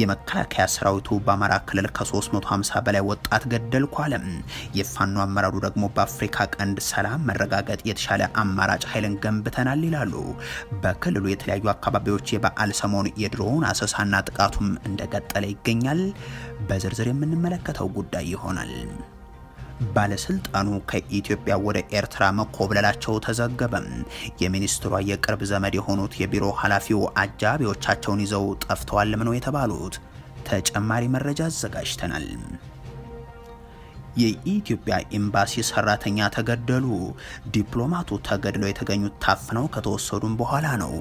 የመከላከያ ሰራዊቱ በአማራ ክልል ከ350 በላይ ወጣት ገደልኩ አለም። የፋኖ አመራሩ ደግሞ በአፍሪካ ቀንድ ሰላም መረጋገጥ የተሻለ አማራጭ ኃይልን ገንብተናል ይላሉ። በክልሉ የተለያዩ አካባቢዎች የበዓል ሰሞን የድሮውን አሰሳና ጥቃቱም እንደቀጠለ ይገኛል። በዝርዝር የምንመለከተው ጉዳይ ይሆናል። ባለስልጣኑ ከኢትዮጵያ ወደ ኤርትራ መኮብለላቸው ተዘገበ። የሚኒስትሯ የቅርብ ዘመድ የሆኑት የቢሮ ኃላፊው አጃቢዎቻቸውን ይዘው ጠፍተዋልም ነው የተባሉት። ተጨማሪ መረጃ አዘጋጅተናል። የኢትዮጵያ ኤምባሲ ሰራተኛ ተገደሉ። ዲፕሎማቱ ተገድለው የተገኙት ታፍነው ከተወሰዱም በኋላ ነው።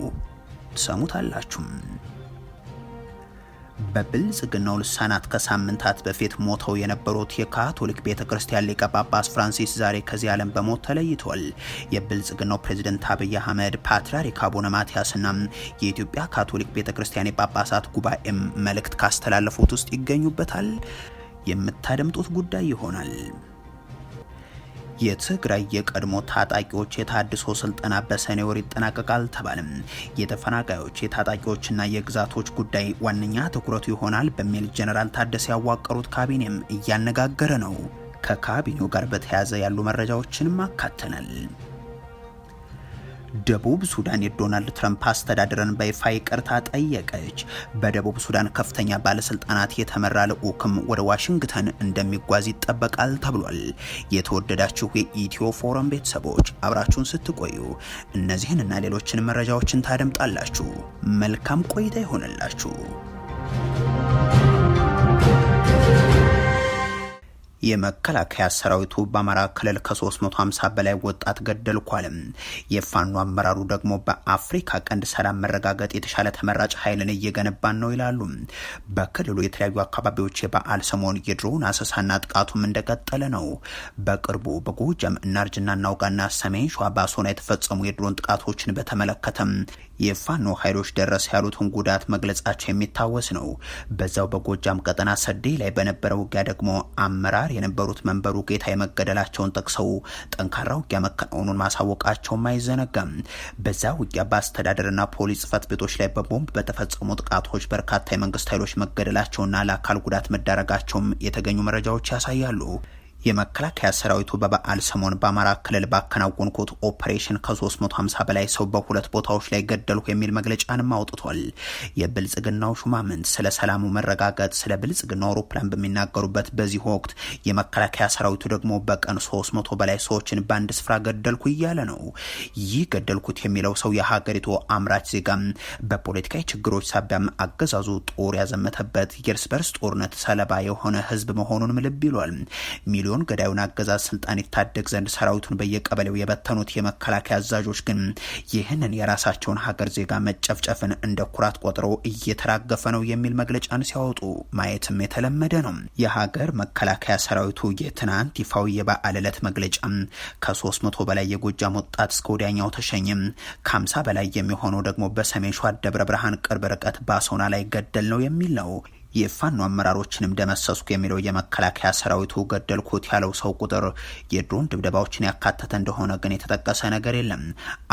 ትሰሙታላችሁም። በብልጽግናው ልሳናት ከሳምንታት በፊት ሞተው የነበሩት የካቶሊክ ቤተ ክርስቲያን ሊቀ ጳጳስ ፍራንሲስ ዛሬ ከዚህ ዓለም በሞት ተለይቷል። የብልጽግናው ፕሬዝደንት አብይ አህመድ፣ ፓትርያርክ አቡነ ማትያስና የኢትዮጵያ ካቶሊክ ቤተ ክርስቲያን የጳጳሳት ጉባኤም መልእክት ካስተላለፉት ውስጥ ይገኙበታል። የምታደምጡት ጉዳይ ይሆናል። የትግራይ የቀድሞ ታጣቂዎች የታድሶ ስልጠና በሰኔ ወር ይጠናቀቃል ተባለም። የተፈናቃዮች የታጣቂዎችና የግዛቶች ጉዳይ ዋነኛ ትኩረቱ ይሆናል በሚል ጀነራል ታደሰ ያዋቀሩት ካቢኔም እያነጋገረ ነው። ከካቢኔው ጋር በተያያዘ ያሉ መረጃዎችንም አካተናል። ደቡብ ሱዳን የዶናልድ ትራምፕ አስተዳደርን በይፋ ይቅርታ ጠየቀች። በደቡብ ሱዳን ከፍተኛ ባለስልጣናት የተመራ ልዑክም ወደ ዋሽንግተን እንደሚጓዝ ይጠበቃል ተብሏል። የተወደዳችሁ የኢትዮ ፎረም ቤተሰቦች አብራችሁን ስትቆዩ እነዚህንና ሌሎችን መረጃዎችን ታደምጣላችሁ። መልካም ቆይታ ይሆንላችሁ። የመከላከያ ሰራዊቱ በአማራ ክልል ከ350 በላይ ወጣት ገደልኳልም። የፋኖ አመራሩ ደግሞ በአፍሪካ ቀንድ ሰላም መረጋገጥ የተሻለ ተመራጭ ኃይልን እየገነባን ነው ይላሉ። በክልሉ የተለያዩ አካባቢዎች የበዓል ሰሞን የድሮን አሰሳና ጥቃቱም እንደቀጠለ ነው። በቅርቡ በጎጃም እናርጅና እናውጋና ሰሜን ሸዋ ባሶና የተፈጸሙ የድሮን ጥቃቶችን በተመለከተም የፋኖ ኃይሎች ደረሰ ያሉትን ጉዳት መግለጻቸው የሚታወስ ነው። በዛው በጎጃም ቀጠና ሰዴ ላይ በነበረ ውጊያ ደግሞ አመራር የነበሩት መንበሩ ጌታ መገደላቸውን ጠቅሰው ጠንካራ ውጊያ መከናወኑን ማሳወቃቸውም አይዘነጋም። በዛ ውጊያ በአስተዳደርና ፖሊስ ጽፈት ቤቶች ላይ በቦምብ በተፈጸሙ ጥቃቶች በርካታ የመንግስት ኃይሎች መገደላቸውና ለአካል ጉዳት መዳረጋቸውም የተገኙ መረጃዎች ያሳያሉ። የመከላከያ ሰራዊቱ በበዓል ሰሞን በአማራ ክልል ባከናወንኩት ኦፕሬሽን ከ350 በላይ ሰው በሁለት ቦታዎች ላይ ገደልኩ የሚል መግለጫንም አውጥቷል። የብልጽግናው ሹማምንት ስለ ሰላሙ መረጋገጥ ስለ ብልጽግናው አውሮፕላን በሚናገሩበት በዚህ ወቅት የመከላከያ ሰራዊቱ ደግሞ በቀን 300 በላይ ሰዎችን በአንድ ስፍራ ገደልኩ እያለ ነው። ይህ ገደልኩት የሚለው ሰው የሀገሪቱ አምራች ዜጋም በፖለቲካዊ ችግሮች ሳቢያም አገዛዙ ጦር ያዘመተበት የእርስ በርስ ጦርነት ሰለባ የሆነ ህዝብ መሆኑንም ልብ ይሏል። ሚሊዮን ሲሆን ገዳዩን አገዛዝ ስልጣን ይታደግ ዘንድ ሰራዊቱን በየቀበሌው የበተኑት የመከላከያ አዛዦች ግን ይህንን የራሳቸውን ሀገር ዜጋ መጨፍጨፍን እንደ ኩራት ቆጥሮ እየተራገፈ ነው የሚል መግለጫን ሲያወጡ ማየትም የተለመደ ነው። የሀገር መከላከያ ሰራዊቱ የትናንት ይፋዊ የበዓል ዕለት መግለጫ ከ300 በላይ የጎጃም ወጣት እስከ ወዲያኛው ተሸኘ፣ ከ50 በላይ የሚሆነው ደግሞ በሰሜን ሸዋ ደብረ ብርሃን ቅርብ ርቀት ባሶና ላይ ገደል ነው የሚል ነው። የፋኖ አመራሮችንም ደመሰስኩ የሚለው የመከላከያ ሰራዊቱ ገደልኩት ያለው ሰው ቁጥር የድሮን ድብደባዎችን ያካተተ እንደሆነ ግን የተጠቀሰ ነገር የለም።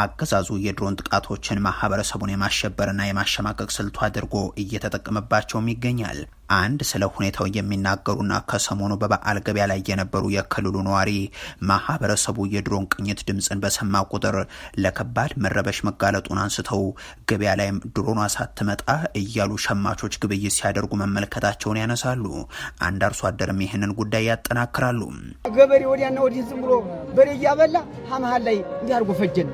አገዛዙ የድሮን ጥቃቶችን ማህበረሰቡን የማሸበርና የማሸማቀቅ ስልቱ አድርጎ እየተጠቀመባቸውም ይገኛል። አንድ ስለ ሁኔታው የሚናገሩና ከሰሞኑ በበዓል ገበያ ላይ የነበሩ የክልሉ ነዋሪ ማህበረሰቡ የድሮን ቅኝት ድምፅን በሰማ ቁጥር ለከባድ መረበሽ መጋለጡን አንስተው ገበያ ላይም ድሮኗ ሳትመጣ እያሉ ሸማቾች ግብይት ሲያደርጉ መመልከታቸውን ያነሳሉ። አንድ አርሶ አደርም ይህንን ጉዳይ ያጠናክራሉ። ገበሬ ወዲያና ወዲህ ዝም ብሎ በሬ እያበላ ሀመሀል ላይ እንዲያርጎ ፈጀን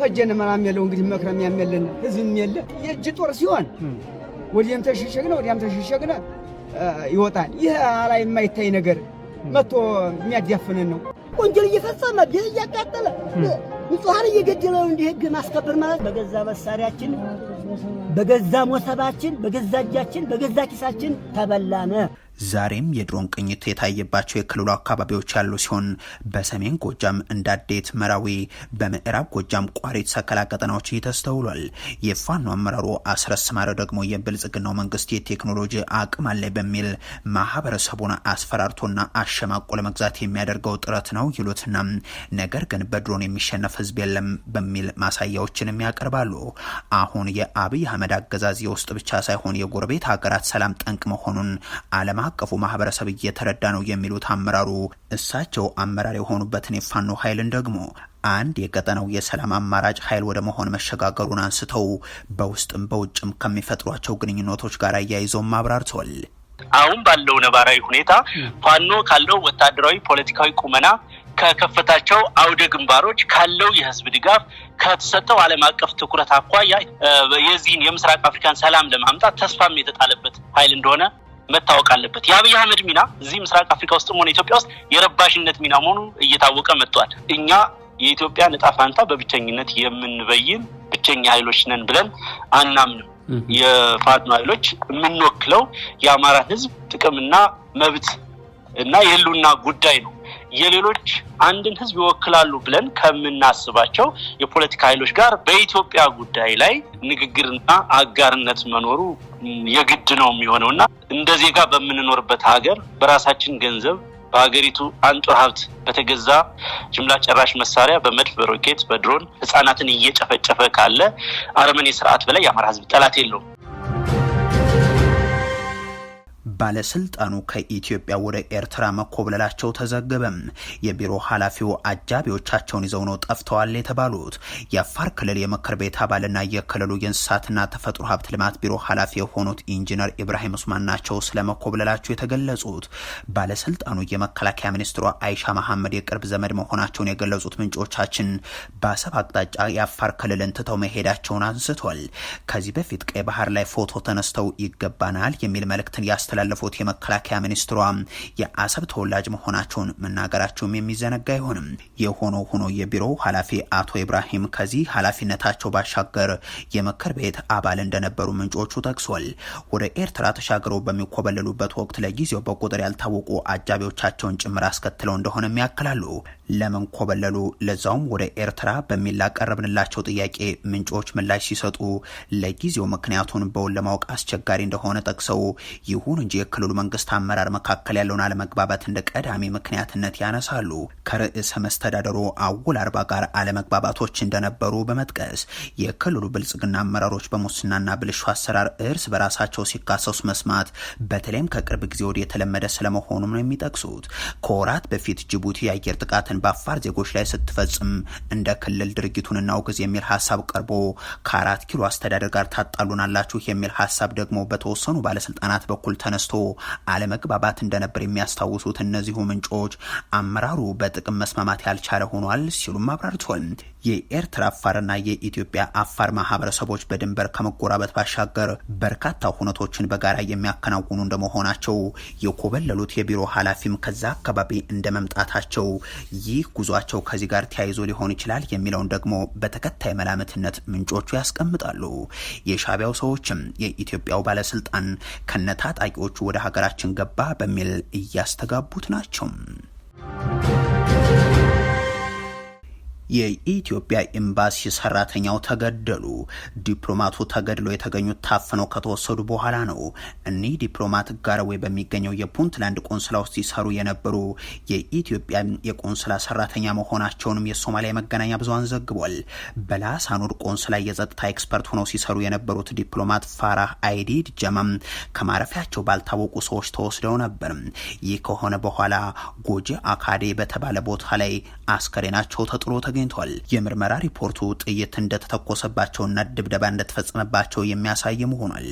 ፈጀን መራም የለው እንግዲህ መክረም ያም ህዝብም የለ የእጅ ጦር ሲሆን ወዲያም ተሸሸግነ ወዲያም ተሸሸግነ ይወጣል። ይህ ላይ የማይታይ ነገር መጥቶ የሚያዳፍንን ነው። ወንጀል እየፈጸመ ቤት እያቃጠለ ንጹሐን እየገደለ እንዲህ ህግ ማስከበር ማለት በገዛ መሳሪያችን፣ በገዛ ሞሰባችን፣ በገዛ እጃችን፣ በገዛ ኪሳችን ተበላነ። ዛሬም የድሮን ቅኝት የታየባቸው የክልሉ አካባቢዎች ያሉ ሲሆን በሰሜን ጎጃም እንዳዴት፣ መራዊ፣ በምዕራብ ጎጃም ቋሪት፣ ሰከላ ቀጠናዎች ተስተውሏል። የፋኖ አመራሩ አስረስ ማረ ደግሞ የብልጽግናው መንግስት የቴክኖሎጂ አቅም አለ በሚል ማህበረሰቡን አስፈራርቶና አሸማቆ ለመግዛት የሚያደርገው ጥረት ነው ይሉትና ነገር ግን በድሮን የሚሸነፍ ህዝብ የለም በሚል ማሳያዎችንም ያቀርባሉ። አሁን የአብይ አህመድ አገዛዝ የውስጥ ብቻ ሳይሆን የጎረቤት ሀገራት ሰላም ጠንቅ መሆኑን አለም አቀፉ ማህበረሰብ እየተረዳ ነው የሚሉት አመራሩ እሳቸው አመራር የሆኑበትን የፋኖ ኃይልን ደግሞ አንድ የቀጠናው የሰላም አማራጭ ኃይል ወደ መሆን መሸጋገሩን አንስተው በውስጥም በውጭም ከሚፈጥሯቸው ግንኙነቶች ጋር አያይዞም አብራርተዋል። አሁን ባለው ነባራዊ ሁኔታ ፋኖ ካለው ወታደራዊ፣ ፖለቲካዊ ቁመና ከከፈታቸው አውደ ግንባሮች ካለው የህዝብ ድጋፍ ከተሰጠው ዓለም አቀፍ ትኩረት አኳያ የዚህን የምስራቅ አፍሪካን ሰላም ለማምጣት ተስፋም የተጣለበት ኃይል እንደሆነ መታወቅ አለበት። የአብይ አህመድ ሚና እዚህ ምስራቅ አፍሪካ ውስጥም ሆነ ኢትዮጵያ ውስጥ የረባሽነት ሚና መሆኑ እየታወቀ መጥቷል። እኛ የኢትዮጵያ ዕጣ ፈንታ በብቸኝነት የምንበይን ብቸኛ ኃይሎች ነን ብለን አናምንም። የፋኖ ኃይሎች የምንወክለው የአማራን ሕዝብ ጥቅምና መብት እና የህልውና ጉዳይ ነው። የሌሎች አንድን ህዝብ ይወክላሉ ብለን ከምናስባቸው የፖለቲካ ኃይሎች ጋር በኢትዮጵያ ጉዳይ ላይ ንግግርና አጋርነት መኖሩ የግድ ነው የሚሆነው እና እንደ ዜጋ በምንኖርበት ሀገር በራሳችን ገንዘብ በሀገሪቱ አንጡር ሀብት በተገዛ ጅምላ ጨራሽ መሳሪያ በመድፍ፣ በሮኬት፣ በድሮን ህጻናትን እየጨፈጨፈ ካለ አረመኔ ስርዓት በላይ የአማራ ህዝብ ጠላት የለውም። ባለስልጣኑ ከኢትዮጵያ ወደ ኤርትራ መኮብለላቸው ተዘገበም። የቢሮ ኃላፊው አጃቢዎቻቸውን ይዘው ነው ጠፍተዋል የተባሉት። የአፋር ክልል የምክር ቤት አባልና የክልሉ የእንስሳትና ተፈጥሮ ሀብት ልማት ቢሮ ኃላፊ የሆኑት ኢንጂነር ኢብራሂም ኡስማን ናቸው ስለመኮብለላቸው የተገለጹት። ባለስልጣኑ የመከላከያ ሚኒስትሯ አይሻ መሐመድ የቅርብ ዘመድ መሆናቸውን የገለጹት ምንጮቻችን በአሰብ አቅጣጫ የአፋር ክልልን ትተው መሄዳቸውን አንስቷል። ከዚህ በፊት ቀይ ባህር ላይ ፎቶ ተነስተው ይገባናል የሚል መልእክትን ያስተላል ያስተላለፉት የመከላከያ ሚኒስትሯ የአሰብ ተወላጅ መሆናቸውን መናገራቸውም የሚዘነጋ አይሆንም። የሆኖ ሆኖ የቢሮው ኃላፊ አቶ ኢብራሂም ከዚህ ኃላፊነታቸው ባሻገር የምክር ቤት አባል እንደነበሩ ምንጮቹ ጠቅሷል። ወደ ኤርትራ ተሻግረው በሚኮበለሉበት ወቅት ለጊዜው በቁጥር ያልታወቁ አጃቢዎቻቸውን ጭምር አስከትለው እንደሆነም ያክላሉ። ለምን ኮበለሉ? ለዛውም ወደ ኤርትራ በሚል ላቀረብንላቸው ጥያቄ ምንጮች ምላሽ ሲሰጡ ለጊዜው ምክንያቱን በውል ለማወቅ አስቸጋሪ እንደሆነ ጠቅሰው ይሁን እንጂ የክልሉ መንግስት አመራር መካከል ያለውን አለመግባባት እንደ ቀዳሚ ምክንያትነት ያነሳሉ። ከርዕሰ መስተዳደሩ አውል አርባ ጋር አለመግባባቶች እንደነበሩ በመጥቀስ የክልሉ ብልጽግና አመራሮች በሙስናና ብልሹ አሰራር እርስ በራሳቸው ሲካሰሱ መስማት በተለይም ከቅርብ ጊዜ ወዲህ የተለመደ ስለመሆኑም ነው የሚጠቅሱት። ከወራት በፊት ጅቡቲ የአየር ጥቃትን በአፋር ዜጎች ላይ ስትፈጽም እንደ ክልል ድርጊቱን እናውግዝ የሚል ሀሳብ ቀርቦ ከአራት ኪሎ አስተዳደር ጋር ታጣሉናላችሁ የሚል ሀሳብ ደግሞ በተወሰኑ ባለስልጣናት በኩል ተነስ ተነስቶ አለመግባባት እንደነበር የሚያስታውሱት እነዚሁ ምንጮች አመራሩ በጥቅም መስማማት ያልቻለ ሆኗል ሲሉም አብራርቷል። የኤርትራ አፋርና የኢትዮጵያ አፋር ማህበረሰቦች በድንበር ከመጎራበት ባሻገር በርካታ ሁነቶችን በጋራ የሚያከናውኑ እንደመሆናቸው የኮበለሉት የቢሮ ኃላፊም ከዛ አካባቢ እንደ መምጣታቸው ይህ ጉዟቸው ከዚህ ጋር ተያይዞ ሊሆን ይችላል የሚለውን ደግሞ በተከታይ መላምትነት ምንጮቹ ያስቀምጣሉ። የሻቢያው ሰዎችም የኢትዮጵያው ባለስልጣን ከነ ታጣቂዎቹ ወደ ሀገራችን ገባ በሚል እያስተጋቡት ናቸው። የኢትዮጵያ ኤምባሲ ሰራተኛው ተገደሉ። ዲፕሎማቱ ተገድሎ የተገኙት ታፍነው ከተወሰዱ በኋላ ነው። እኒህ ዲፕሎማት ጋረዌ በሚገኘው የፑንትላንድ ቆንስላ ውስጥ ሲሰሩ የነበሩ የኢትዮጵያ የቆንስላ ሰራተኛ መሆናቸውንም የሶማሊያ መገናኛ ብዙሃን ዘግቧል። በላሳኑር ቆንስላ የጸጥታ ኤክስፐርት ሆነው ሲሰሩ የነበሩት ዲፕሎማት ፋራህ አይዲድ ጀማም ከማረፊያቸው ባልታወቁ ሰዎች ተወስደው ነበር። ይህ ከሆነ በኋላ ጎጂ አካዴ በተባለ ቦታ ላይ አስከሬናቸው ተጥሎ ተገኝ ተገኝቷል። የምርመራ ሪፖርቱ ጥይት እንደተተኮሰባቸውና ድብደባ እንደተፈጸመባቸው የሚያሳይ ሆኗል።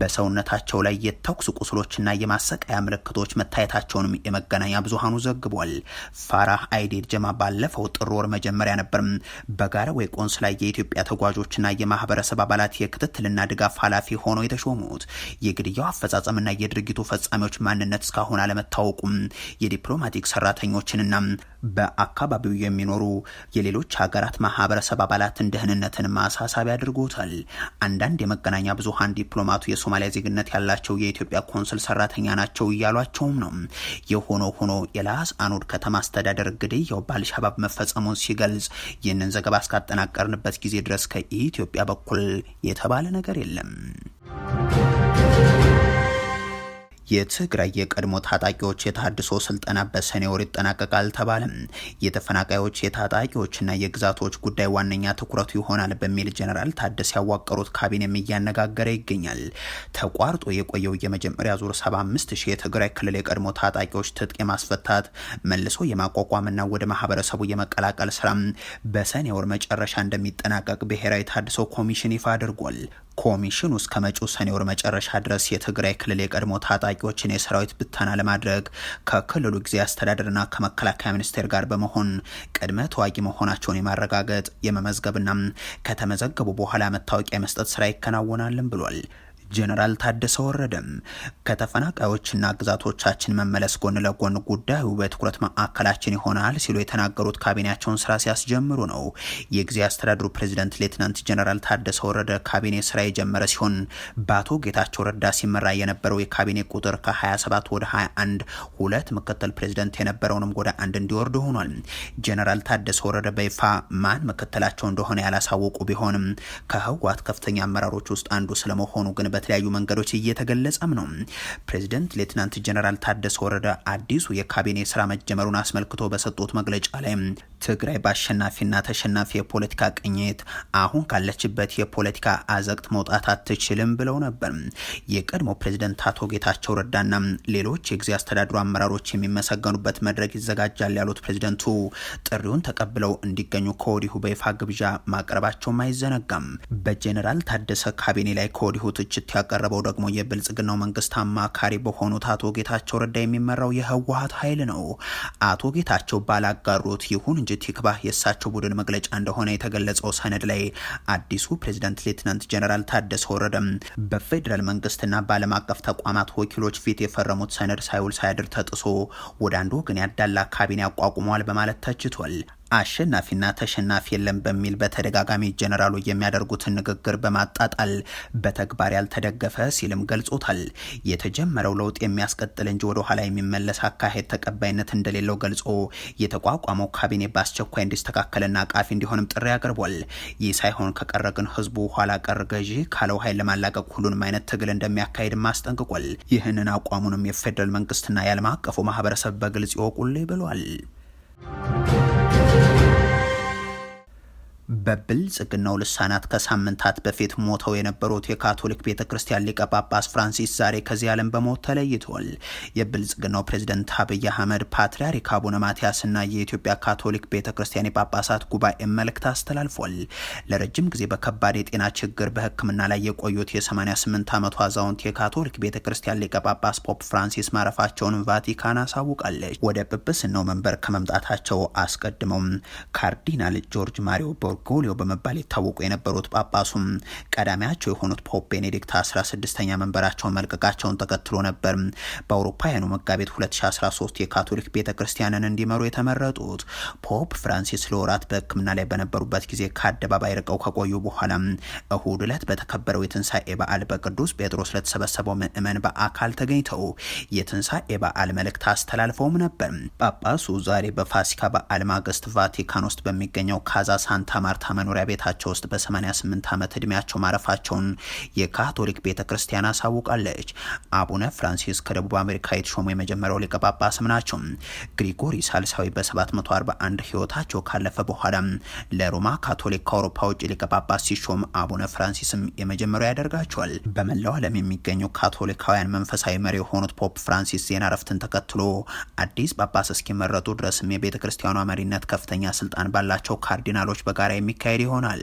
በሰውነታቸው ላይ የተኩስ ቁስሎችና የማሰቃያ ምልክቶች መታየታቸውንም የመገናኛ ብዙሃኑ ዘግቧል። ፋራህ አይዴድ ጀማ ባለፈው ጥር ወር መጀመሪያ ነበር በጋራ ወይ ቆንስ ላይ የኢትዮጵያ ተጓዦችና የማህበረሰብ አባላት የክትትልና ድጋፍ ኃላፊ ሆነው የተሾሙት። የግድያው አፈጻጸምና የድርጊቱ ፈጻሚዎች ማንነት እስካሁን አለመታወቁም የዲፕሎማቲክ ሰራተኞችንና በአካባቢው የሚኖሩ የሌሎች ሀገራት ማህበረሰብ አባላትን ደህንነትን ማሳሳቢ አድርጎታል። አንዳንድ የመገናኛ ብዙሀን ዲፕሎማቱ የሶማሊያ ዜግነት ያላቸው የኢትዮጵያ ኮንስል ሰራተኛ ናቸው እያሏቸውም ነው። የሆኖ ሆኖ የላስ አኖድ ከተማ አስተዳደር ግድያው በአልሻባብ መፈጸሙን ሲገልጽ ይህንን ዘገባ እስካጠናቀርንበት ጊዜ ድረስ ከኢትዮጵያ በኩል የተባለ ነገር የለም። የትግራይ የቀድሞ ታጣቂዎች የታድሶ ስልጠና በሰኔ ወር ይጠናቀቃል ተባለ የተፈናቃዮች የታጣቂዎችና የግዛቶች ጉዳይ ዋነኛ ትኩረቱ ይሆናል በሚል ጀነራል ታደሰ ያዋቀሩት ካቢኔም እያነጋገረ ይገኛል። ተቋርጦ የቆየው የመጀመሪያ ዙር 75 ሺህ የትግራይ ክልል የቀድሞ ታጣቂዎች ትጥቅ የማስፈታት መልሶ የማቋቋምና ወደ ማህበረሰቡ የመቀላቀል ስራ በሰኔ ወር መጨረሻ እንደሚጠናቀቅ ብሔራዊ ታድሶ ኮሚሽን ይፋ አድርጓል። ኮሚሽኑ እስከ መጪው ሰኔ ወር መጨረሻ ድረስ የትግራይ ክልል የቀድሞ ታጣቂዎችን የሰራዊት ብተና ለማድረግ ከክልሉ ጊዜ አስተዳደርና ከመከላከያ ሚኒስቴር ጋር በመሆን ቅድመ ተዋጊ መሆናቸውን የማረጋገጥ የመመዝገብና ከተመዘገቡ በኋላ መታወቂያ የመስጠት ስራ ይከናወናልም ብሏል። ጄኔራል ታደሰ ወረደም ከተፈናቃዮችና ግዛቶቻችን መመለስ ጎን ለጎን ጉዳዩ በትኩረት ማዕከላችን ይሆናል ሲሉ የተናገሩት ካቢኔያቸውን ስራ ሲያስጀምሩ ነው። የጊዜ አስተዳድሩ ፕሬዚደንት ሌትናንት ጄኔራል ታደሰ ወረደ ካቢኔ ስራ የጀመረ ሲሆን በአቶ ጌታቸው ረዳ ሲመራ የነበረው የካቢኔ ቁጥር ከ27 ወደ 21 ሁለት ምክትል ፕሬዚደንት የነበረውንም ወደ አንድ እንዲወርድ ሆኗል። ጄኔራል ታደሰ ወረደ በይፋ ማን ምክትላቸው እንደሆነ ያላሳወቁ ቢሆንም ከህወሓት ከፍተኛ አመራሮች ውስጥ አንዱ ስለመሆኑ ግን በተለያዩ መንገዶች እየተገለጸም ነው። ፕሬዚደንት ሌትናንት ጀነራል ታደሰ ወረደ አዲሱ የካቢኔ ስራ መጀመሩን አስመልክቶ በሰጡት መግለጫ ላይ ትግራይ በአሸናፊና ተሸናፊ የፖለቲካ ቅኝት አሁን ካለችበት የፖለቲካ አዘቅት መውጣት አትችልም ብለው ነበር። የቀድሞ ፕሬዝደንት አቶ ጌታቸው ረዳና ሌሎች የጊዜ አስተዳድሩ አመራሮች የሚመሰገኑበት መድረክ ይዘጋጃል ያሉት ፕሬዝደንቱ ጥሪውን ተቀብለው እንዲገኙ ከወዲሁ በይፋ ግብዣ ማቅረባቸውም አይዘነጋም። በጄኔራል ታደሰ ካቢኔ ላይ ከወዲሁ ትችት ያቀረበው ደግሞ የብልጽግናው መንግስት አማካሪ በሆኑት አቶ ጌታቸው ረዳ የሚመራው የህወሀት ኃይል ነው። አቶ ጌታቸው ባላጋሩት ይሁን ቅንጅት ይክባህ የእሳቸው ቡድን መግለጫ እንደሆነ የተገለጸው ሰነድ ላይ አዲሱ ፕሬዚዳንት ሌትናንት ጀነራል ታደሰ ወረደም በፌዴራል መንግስትና በዓለም አቀፍ ተቋማት ወኪሎች ፊት የፈረሙት ሰነድ ሳይውል ሳያድር ተጥሶ ወደ አንዱ ወገን ያዳላ ካቢኔ አቋቁመዋል በማለት ተችቷል። አሸናፊና ተሸናፊ የለም በሚል በተደጋጋሚ ጀነራሉ የሚያደርጉትን ንግግር በማጣጣል በተግባር ያልተደገፈ ሲልም ገልጾታል። የተጀመረው ለውጥ የሚያስቀጥል እንጂ ወደ ኋላ የሚመለስ አካሄድ ተቀባይነት እንደሌለው ገልጾ የተቋቋመው ካቢኔ በአስቸኳይ እንዲስተካከልና ቃፊ እንዲሆንም ጥሪ አቅርቧል። ይህ ሳይሆን ከቀረ ግን ህዝቡ ኋላ ቀር ገዢ ካለው ኃይል ለማላቀቅ ሁሉንም አይነት ትግል እንደሚያካሄድም አስጠንቅቋል። ይህንን አቋሙንም የፌዴራል መንግስትና የዓለም አቀፉ ማህበረሰብ በግልጽ ይወቁልኝ ብሏል። Thank you. በብልጽግናው ልሳናት ከሳምንታት በፊት ሞተው የነበሩት የካቶሊክ ቤተ ክርስቲያን ሊቀ ጳጳስ ፍራንሲስ ዛሬ ከዚህ ዓለም በሞት ተለይቷል። የብልጽግናው ፕሬዝደንት አብይ አህመድ ፓትርያርክ አቡነ ማትያስና የኢትዮጵያ ካቶሊክ ቤተ ክርስቲያን የጳጳሳት ጉባኤ መልእክት አስተላልፏል። ለረጅም ጊዜ በከባድ የጤና ችግር በሕክምና ላይ የቆዩት የ88 ዓመቱ አዛውንት የካቶሊክ ቤተ ክርስቲያን ሊቀ ጳጳስ ፖፕ ፍራንሲስ ማረፋቸውን ቫቲካን አሳውቃለች። ወደ ጵጵስናው መንበር ከመምጣታቸው አስቀድመውም ካርዲናል ጆርጅ ማሪዮ ቦር ጎርጎሊዮ በመባል ይታወቁ የነበሩት ጳጳሱም ቀዳሚያቸው የሆኑት ፖፕ ቤኔዲክት 16ኛ መንበራቸውን መልቀቃቸውን ተከትሎ ነበር በአውሮፓውያኑ መጋቢት 2013 የካቶሊክ ቤተ ክርስቲያንን እንዲመሩ የተመረጡት። ፖፕ ፍራንሲስ ለወራት በሕክምና ላይ በነበሩበት ጊዜ ከአደባባይ ርቀው ከቆዩ በኋላ እሁድ ዕለት በተከበረው የትንሣኤ በዓል በቅዱስ ጴጥሮስ ለተሰበሰበው ምዕመን በአካል ተገኝተው የትንሣኤ በዓል መልእክት አስተላልፈውም ነበር። ጳጳሱ ዛሬ በፋሲካ በዓል ማግስት ቫቲካን ውስጥ በሚገኘው ካዛ ሳንታ ማርታ መኖሪያ ቤታቸው ውስጥ በ88 ዓመት ዕድሜያቸው ማረፋቸውን የካቶሊክ ቤተ ክርስቲያን አሳውቃለች። አቡነ ፍራንሲስ ከደቡብ አሜሪካ የተሾሙ የመጀመሪያው ሊቀ ጳጳስም ናቸው። ግሪጎሪ ሳልሳዊ በ741 ህይወታቸው ካለፈ በኋላ ለሮማ ካቶሊክ ከአውሮፓ ውጭ ሊቀ ጳጳስ ሲሾም አቡነ ፍራንሲስም የመጀመሪያው ያደርጋቸዋል። በመላው ዓለም የሚገኙ ካቶሊካውያን መንፈሳዊ መሪ የሆኑት ፖፕ ፍራንሲስ ዜና ረፍትን ተከትሎ አዲስ ጳጳስ እስኪመረጡ ድረስም የቤተ ክርስቲያኗ መሪነት ከፍተኛ ስልጣን ባላቸው ካርዲናሎች በጋራ የሚካሄድ ይሆናል።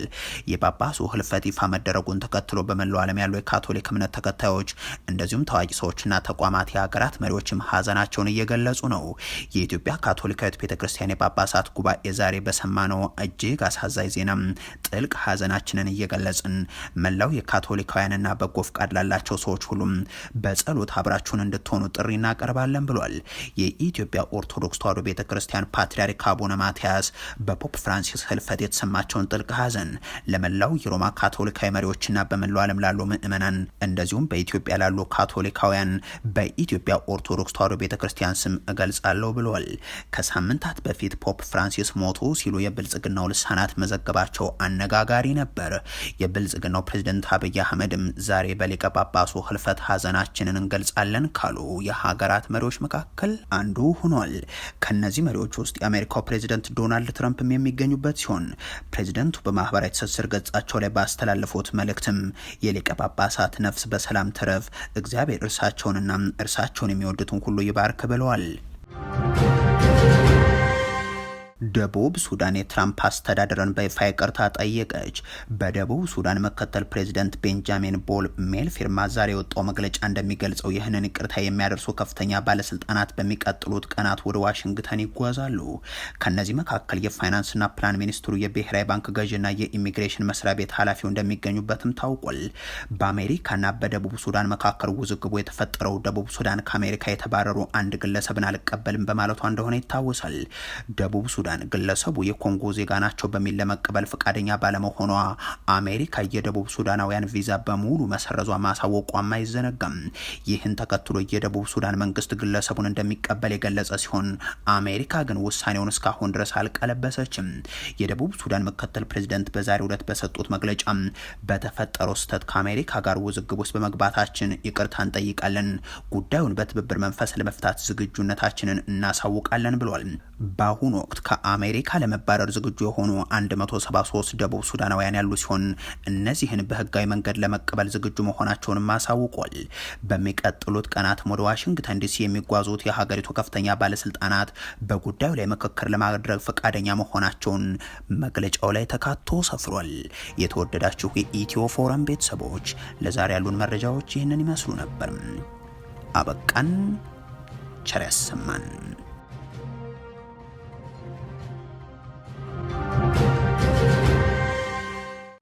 የጳጳሱ ህልፈት ይፋ መደረጉን ተከትሎ በመላው ዓለም ያሉ የካቶሊክ እምነት ተከታዮች እንደዚሁም ታዋቂ ሰዎችና ተቋማት፣ የሀገራት መሪዎችም ሀዘናቸውን እየገለጹ ነው። የኢትዮጵያ ካቶሊካዊት ቤተክርስቲያን የጳጳሳት ጉባኤ ዛሬ በሰማነው እጅግ አሳዛኝ ዜና ጥልቅ ሀዘናችንን እየገለጽን መላው የካቶሊካውያንና በጎ ፍቃድ ላላቸው ሰዎች ሁሉም በጸሎት አብራችሁን እንድትሆኑ ጥሪ እናቀርባለን ብሏል። የኢትዮጵያ ኦርቶዶክስ ተዋሕዶ ቤተክርስቲያን ክርስቲያን ፓትርያርክ አቡነ ማትያስ በፖፕ ፍራንሲስ ህልፈት የተሰማ የተሰማቸውን ጥልቅ ሐዘን ለመላው የሮማ ካቶሊካዊ መሪዎችና በመላው ዓለም ላሉ ምእመናን እንደዚሁም በኢትዮጵያ ላሉ ካቶሊካውያን በኢትዮጵያ ኦርቶዶክስ ተዋሕዶ ቤተ ክርስቲያን ስም እገልጻለሁ ብሏል። ከሳምንታት በፊት ፖፕ ፍራንሲስ ሞቱ ሲሉ የብልጽግናው ልሳናት መዘገባቸው አነጋጋሪ ነበር። የብልጽግናው ፕሬዝደንት አብይ አህመድም ዛሬ በሊቀ ጳጳሱ ህልፈት ሐዘናችንን እንገልጻለን ካሉ የሀገራት መሪዎች መካከል አንዱ ሆኗል። ከነዚህ መሪዎች ውስጥ የአሜሪካው ፕሬዝደንት ዶናልድ ትረምፕም የሚገኙበት ሲሆን ፕሬዚደንቱ በማህበራዊ ትስስር ገጻቸው ላይ ባስተላለፉት መልእክትም የሊቀ ጳጳሳት ነፍስ በሰላም ትረፍ፣ እግዚአብሔር እርሳቸውንና እርሳቸውን የሚወዱትን ሁሉ ይባርክ ብለዋል። ደቡብ ሱዳን የትራምፕ አስተዳደርን በይፋ ይቅርታ ጠየቀች። በደቡብ ሱዳን ምክትል ፕሬዚደንት ቤንጃሚን ቦል ሜል ፊርማ ዛሬ የወጣው መግለጫ እንደሚገልጸው ይህንን ይቅርታ የሚያደርሱ ከፍተኛ ባለስልጣናት በሚቀጥሉት ቀናት ወደ ዋሽንግተን ይጓዛሉ። ከእነዚህ መካከል የፋይናንስና ፕላን ሚኒስትሩ፣ የብሔራዊ ባንክ ገዥና የኢሚግሬሽን መስሪያ ቤት ኃላፊው እንደሚገኙበትም ታውቋል። በአሜሪካና በደቡብ ሱዳን መካከል ውዝግቡ የተፈጠረው ደቡብ ሱዳን ከአሜሪካ የተባረሩ አንድ ግለሰብን አልቀበልም በማለቷ እንደሆነ ይታወሳል። ደቡብ ሱዳን ግለሰቡ የኮንጎ ዜጋ ናቸው በሚል ለመቀበል ፈቃደኛ ባለመሆኗ አሜሪካ የደቡብ ሱዳናውያን ቪዛ በሙሉ መሰረዟ ማሳወቋም አይዘነጋም። ይህን ተከትሎ የደቡብ ሱዳን መንግስት ግለሰቡን እንደሚቀበል የገለጸ ሲሆን አሜሪካ ግን ውሳኔውን እስካሁን ድረስ አልቀለበሰችም። የደቡብ ሱዳን ምክትል ፕሬዚደንት በዛሬው ዕለት በሰጡት መግለጫ በተፈጠረው ስህተት ከአሜሪካ ጋር ውዝግብ ውስጥ በመግባታችን ይቅርታ እንጠይቃለን፣ ጉዳዩን በትብብር መንፈስ ለመፍታት ዝግጁነታችንን እናሳውቃለን ብሏል። በአሁኑ ወቅት ከአ ከአሜሪካ ለመባረር ዝግጁ የሆኑ 173 ደቡብ ሱዳናውያን ያሉ ሲሆን እነዚህን በህጋዊ መንገድ ለመቀበል ዝግጁ መሆናቸውንም አሳውቋል። በሚቀጥሉት ቀናትም ወደ ዋሽንግተን ዲሲ የሚጓዙት የሀገሪቱ ከፍተኛ ባለስልጣናት በጉዳዩ ላይ ምክክር ለማድረግ ፈቃደኛ መሆናቸውን መግለጫው ላይ ተካቶ ሰፍሯል። የተወደዳችሁ የኢትዮ ፎረም ቤተሰቦች ለዛሬ ያሉን መረጃዎች ይህንን ይመስሉ ነበር። አበቃን። ቸር ያሰማን።